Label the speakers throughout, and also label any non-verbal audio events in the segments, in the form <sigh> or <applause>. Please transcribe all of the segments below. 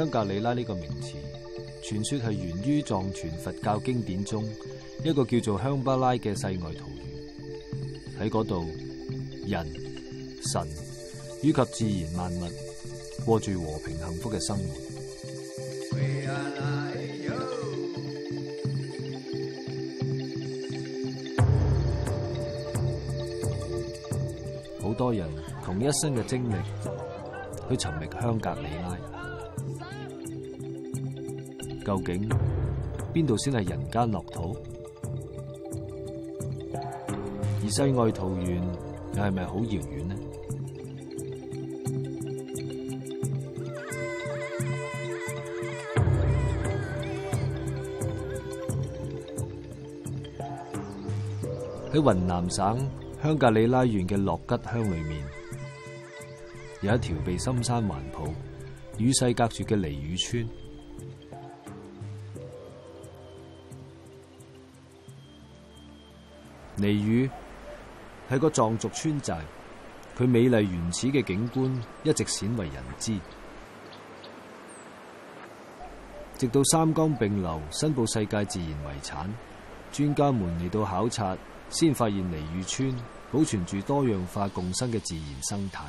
Speaker 1: 香格里拉呢個名詞，傳說係源於藏傳佛教經典中，一個叫做香巴拉嘅世外桃源。喺度，人、神以及自然萬物過住和平幸福嘅生活。
Speaker 2: 好、
Speaker 1: like、多人同一生嘅精力去尋覓香格里拉。究竟邊度先係人間樂土？而世外桃源又係咪好遙遠呢？喺雲南省香格里拉縣嘅洛吉鄉裏面，有一條被深山環抱、與世隔絕嘅尼汝村。尼汝係個藏族村寨，佢美麗原始嘅景觀一直鮮為人知，直到三江並流申報世界自然遺產，專家們嚟到考察，先發現尼汝村保存住多樣化共生嘅自然生態，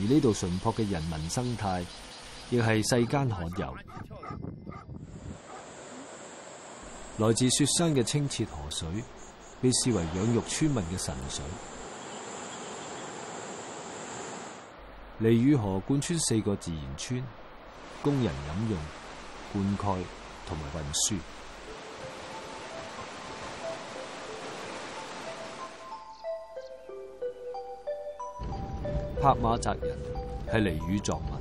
Speaker 1: 而呢度淳樸嘅人民生態亦係世間罕有，來自雪山嘅清澈河水。被視為養育村民嘅神水，尼汝河貫穿四個自然村，供人飲用、灌溉同埋運輸。帕馬扎人係尼汝藏民，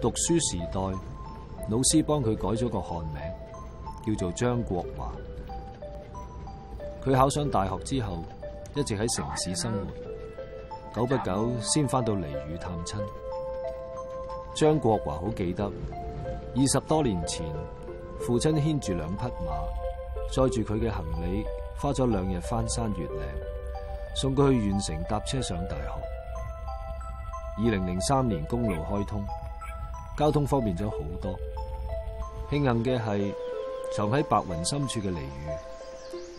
Speaker 1: 讀書時代老師幫佢改咗個漢名，叫做張國華。佢考上大學之後，一直喺城市生活，久不久先翻到尼汝探親。張國華好記得，二十多年前，父親牽住兩匹馬，載住佢嘅行李，花咗兩日翻山越嶺，送佢去縣城搭車上大學。二零零三年公路開通，交通方便咗好多。慶幸嘅係，藏喺白雲深處嘅尼汝。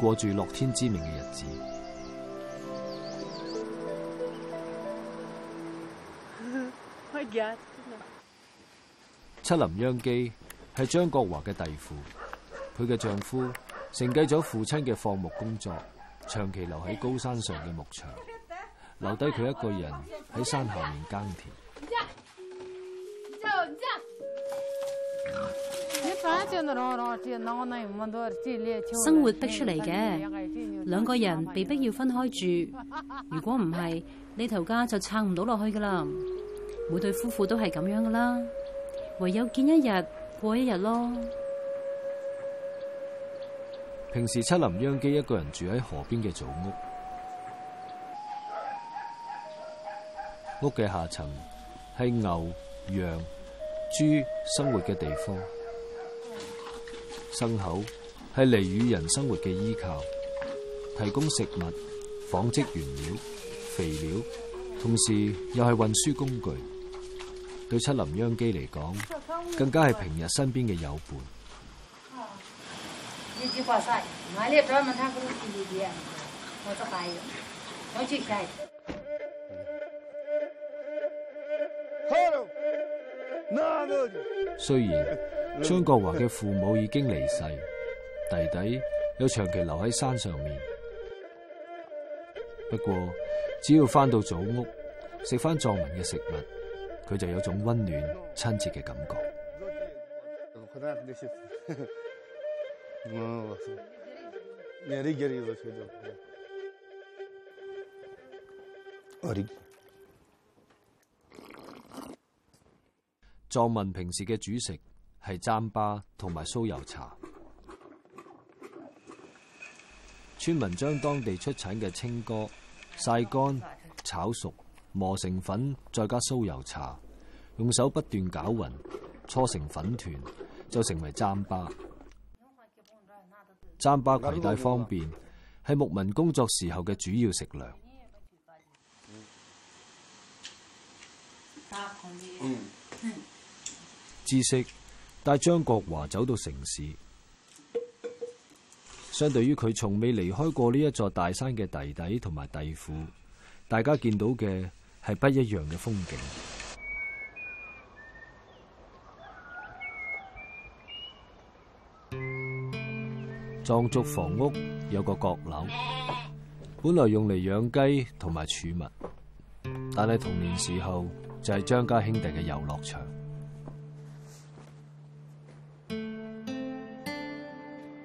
Speaker 1: 過住樂天知命嘅日子。七林央機係張國華嘅弟婦，佢嘅丈夫承繼咗父親嘅放牧工作，長期留喺高山上嘅牧場，留低佢一個人喺山下面耕田。
Speaker 3: 生活逼出嚟嘅，
Speaker 4: 兩個人被
Speaker 2: 逼要分開住。如果唔係呢頭家就撐唔到落去噶啦。每對夫婦都係咁樣噶啦，唯有見一日過一日咯。
Speaker 1: 平時七林央機一個人住喺河邊嘅祖屋，屋嘅下層係牛、羊、豬生活嘅地方。牲口係嚟與人生活嘅依靠，提供食物、紡織原料、肥料，同時又係運輸工具。對七林央機嚟講，更加係平日身邊嘅友伴。
Speaker 2: 雖然。
Speaker 1: 張國華嘅父母已經離世，弟弟又長期留喺山上面。不過，只要翻到祖屋，食翻藏民嘅食物，佢就有種溫暖親切嘅感覺。嗯，藏民平時嘅主食。係糌粑同埋酥油茶。村民將當地出產嘅青稞曬乾、炒熟、磨成粉，再加酥油茶，用手不斷攪勻、搓成粉團，就成為糌粑。糌粑攜帶方便，係牧民工作時候嘅主要食糧。知識。帶張國華走到城市，相對於佢從未離開過呢一座大山嘅弟弟同埋弟婦，大家見到嘅係不一樣嘅風景。藏族房屋有個閣樓，本來用嚟養雞同埋儲物，但係童年時候就係張家兄弟嘅遊樂場。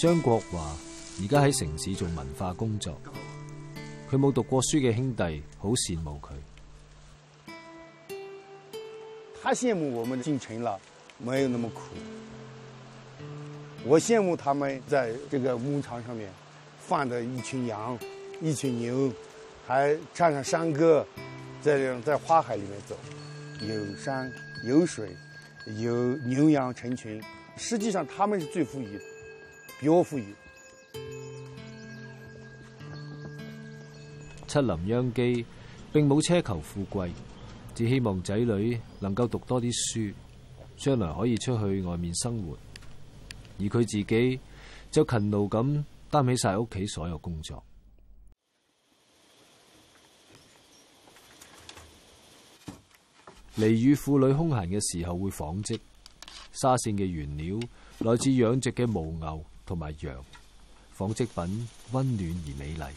Speaker 1: 張國華而家喺城市做文化工作，佢冇讀過書嘅兄弟好羨慕佢。
Speaker 4: 他羨慕我們進城了，沒有那麼苦。我羨慕他們在這個牧場上面放着一群羊、一群牛，還唱上山歌，在在花海裏面走，有山有水，有牛羊成群。實際上他們是最富裕的。有富裕，
Speaker 1: Your 七林央機並冇奢求富貴，只希望仔女能夠讀多啲書，將來可以出去外面生活。而佢自己就勤勞咁擔起晒屋企所有工作。尼汝婦女空閒嘅時候會紡織紗線嘅原料，來自養殖嘅犛牛。同埋羊，紡織品温暖而美麗。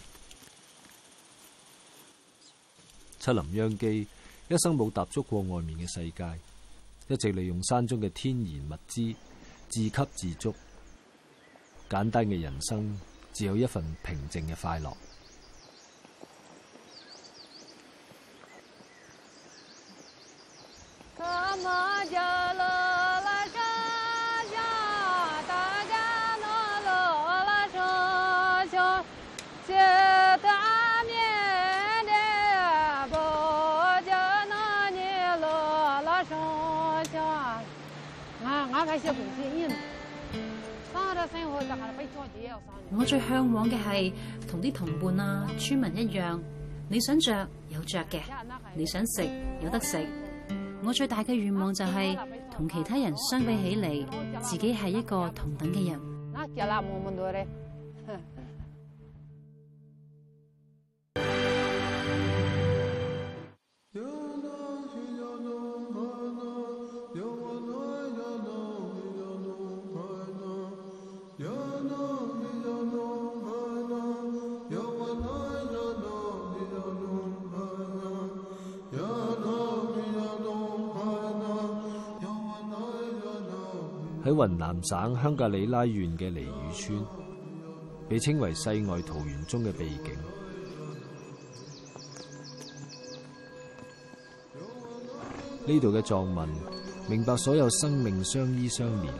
Speaker 1: 七林央機一生冇踏足過外面嘅世界，一直利用山中嘅天然物資自給自足，簡單嘅人生只有一份平靜嘅快樂。
Speaker 2: 我最向往嘅係同啲同伴啊、村民一樣，你想着，有着嘅，你想食，有得食。我最大嘅願望就係、是、同其他人相比起嚟，自己係一個同等嘅人。
Speaker 1: 喺雲南省香格里拉縣嘅尼汝村，被稱為世外桃源中嘅秘境。呢度嘅藏民明白所有生命相依相連，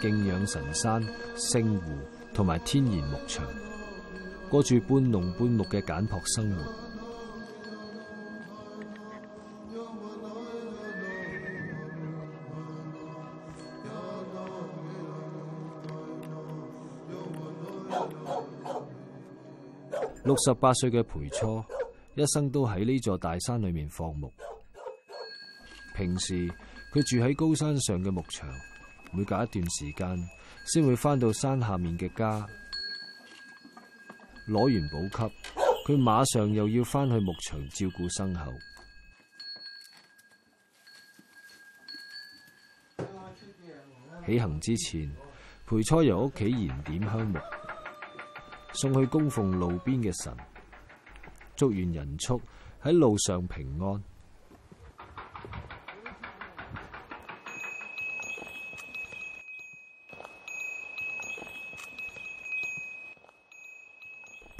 Speaker 1: 敬仰神山、聖湖同埋天然牧場，過住半農半牧嘅簡樸生活。六十八歲嘅培初，一生都喺呢座大山裏面放牧。平時佢住喺高山上嘅牧場，每隔一段時間先會翻到山下面嘅家，攞完補給，佢馬上又要翻去牧場照顧牲口。起行之前，培初由屋企燃點香木。送去供奉路邊嘅神，祝願人畜喺路上平安。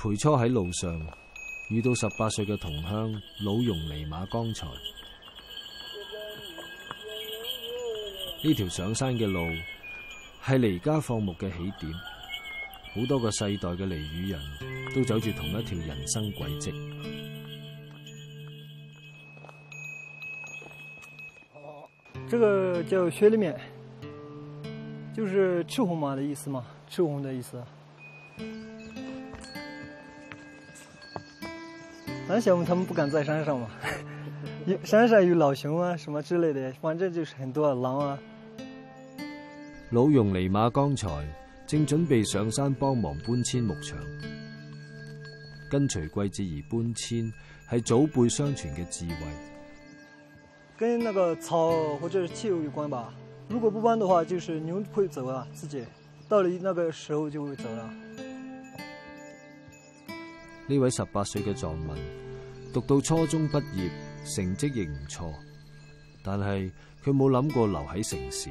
Speaker 1: 最初喺路上遇到十八歲嘅同鄉老容尼瑪，剛才，呢條上山嘅路係離家放牧嘅起點。好多個世代嘅尼汝人都走住同一條人生軌跡。哦，
Speaker 2: 這個叫雪里面，就是赤紅馬的意思嘛，赤紅的意思。膽小嘛，他們不敢在山上嘛，山上有老熊啊，什麼之類的，反正就是很多狼啊。
Speaker 1: 老用尼馬剛才。正準備上山幫忙搬遷牧場，跟隨季節而搬遷係祖輩相傳嘅智慧。
Speaker 2: 跟那個草或者是氣候有關吧。如果不搬的話，就是牛會走啊，自己到了那個時候就會走啦。
Speaker 1: 呢位十八歲嘅藏民，讀到初中畢業，成績亦唔錯，但係佢冇諗過留喺城市。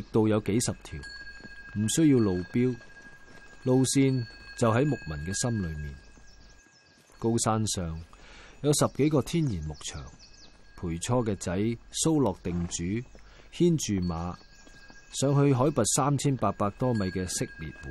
Speaker 1: 驛道有幾十條，唔需要路標，路線就喺牧民嘅心裏面。高山上有十幾個天然牧場，陪初嘅仔蘇洛定主牽住馬，上去海拔三千八百多米嘅色列湖。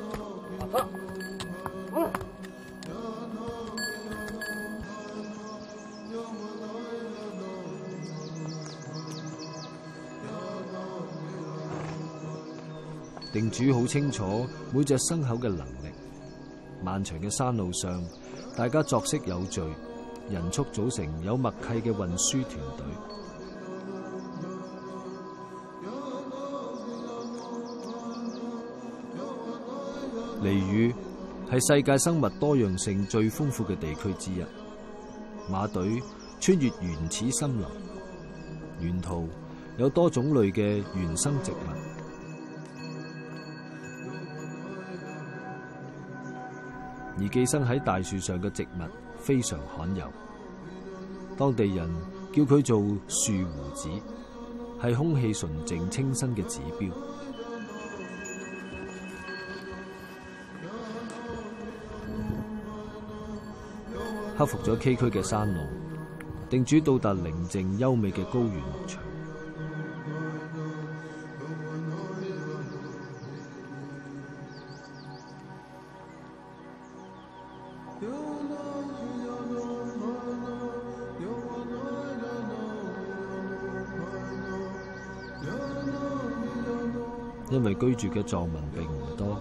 Speaker 1: 主好清楚每隻牲口嘅能力。漫長嘅山路上，大家作息有序，人畜組成有默契嘅運輸團隊。尼汝係世界生物多樣性最豐富嘅地區之一。馬隊穿越原始森林，沿途有多種類嘅原生植物。而寄生喺大樹上嘅植物非常罕有，當地人叫佢做樹鬍子，係空氣純淨清新嘅指標。克服咗崎嶇嘅山路，定住到達寧靜優美嘅高原牧場。住嘅藏民並唔多，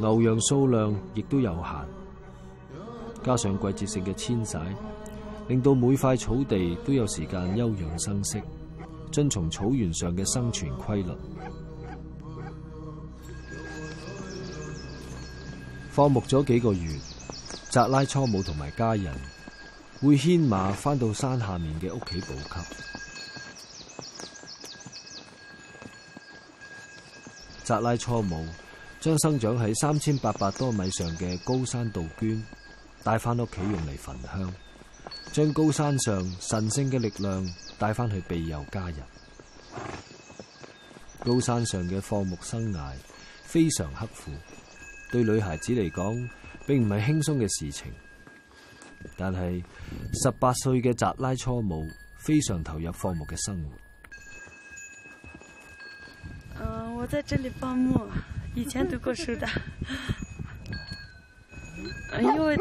Speaker 1: 牛羊數量亦都有限，加上季節性嘅遷徙，令到每塊草地都有時間休養生息，遵從草原上嘅生存規律。放牧咗幾個月，扎拉初母同埋家人會牽馬翻到山下面嘅屋企補給。扎拉初姆將生長喺三千八百多米上嘅高山杜鵑帶翻屋企用嚟焚香，將高山上神聖嘅力量帶翻去庇佑家人。高山上嘅放牧生涯非常刻苦，對女孩子嚟講並唔係輕鬆嘅事情。但係十八歲嘅扎拉初姆非常投入放牧嘅生活。
Speaker 4: 我在這裏放牧，以前讀過書的，因為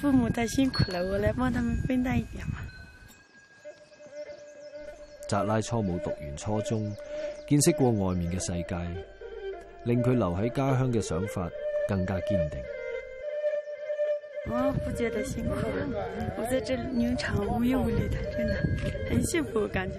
Speaker 4: 父母太辛苦了，我來幫他們分擔一點嘛。
Speaker 1: 扎拉初冇讀完初中，見識過外面嘅世界，令佢留喺家鄉嘅想法更加堅定。
Speaker 4: 我不覺得辛苦，我在這裏農場無憂無慮的，真的很幸福感覺。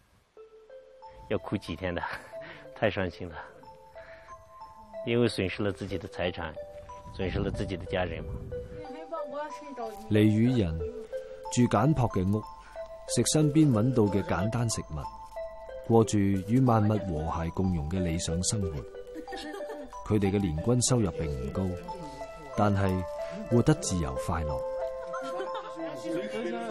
Speaker 3: 要哭幾天的，太傷心了，因為損失了自己的財產，損失了自己的家人嘛。
Speaker 1: 尼汝人住簡樸嘅屋，食身邊揾到嘅簡單食物，過住與萬物和諧共融嘅理想生活。佢哋嘅年均收入並唔高，但係活得自由快樂。 <laughs>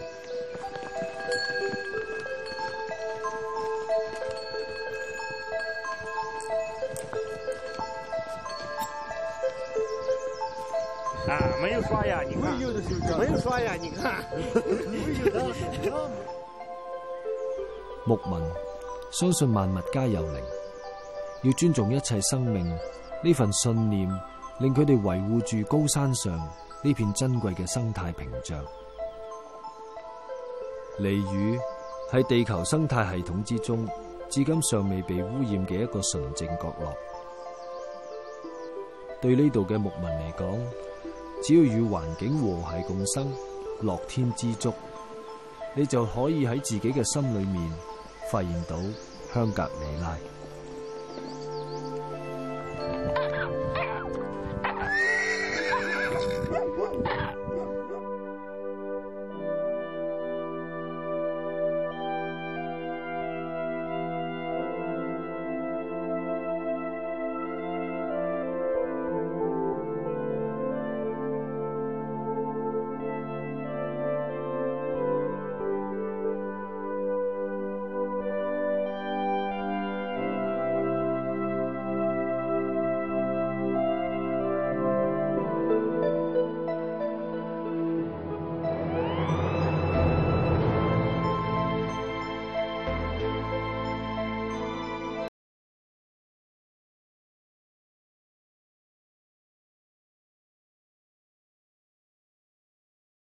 Speaker 3: 啊！沒有刷呀，你看，沒有刷呀，你
Speaker 2: 看，
Speaker 1: 牧民 <laughs> <laughs> 相信萬物皆有靈，要尊重一切生命。呢份信念令佢哋維護住高山上呢片珍貴嘅生態屏障。尼汝係地球生態系統之中，至今尚未被污染嘅一個純正角落。對呢度嘅牧民嚟講，只要與環境和諧共生，樂天知足，你就可以喺自己嘅心裏面發現到香格里拉。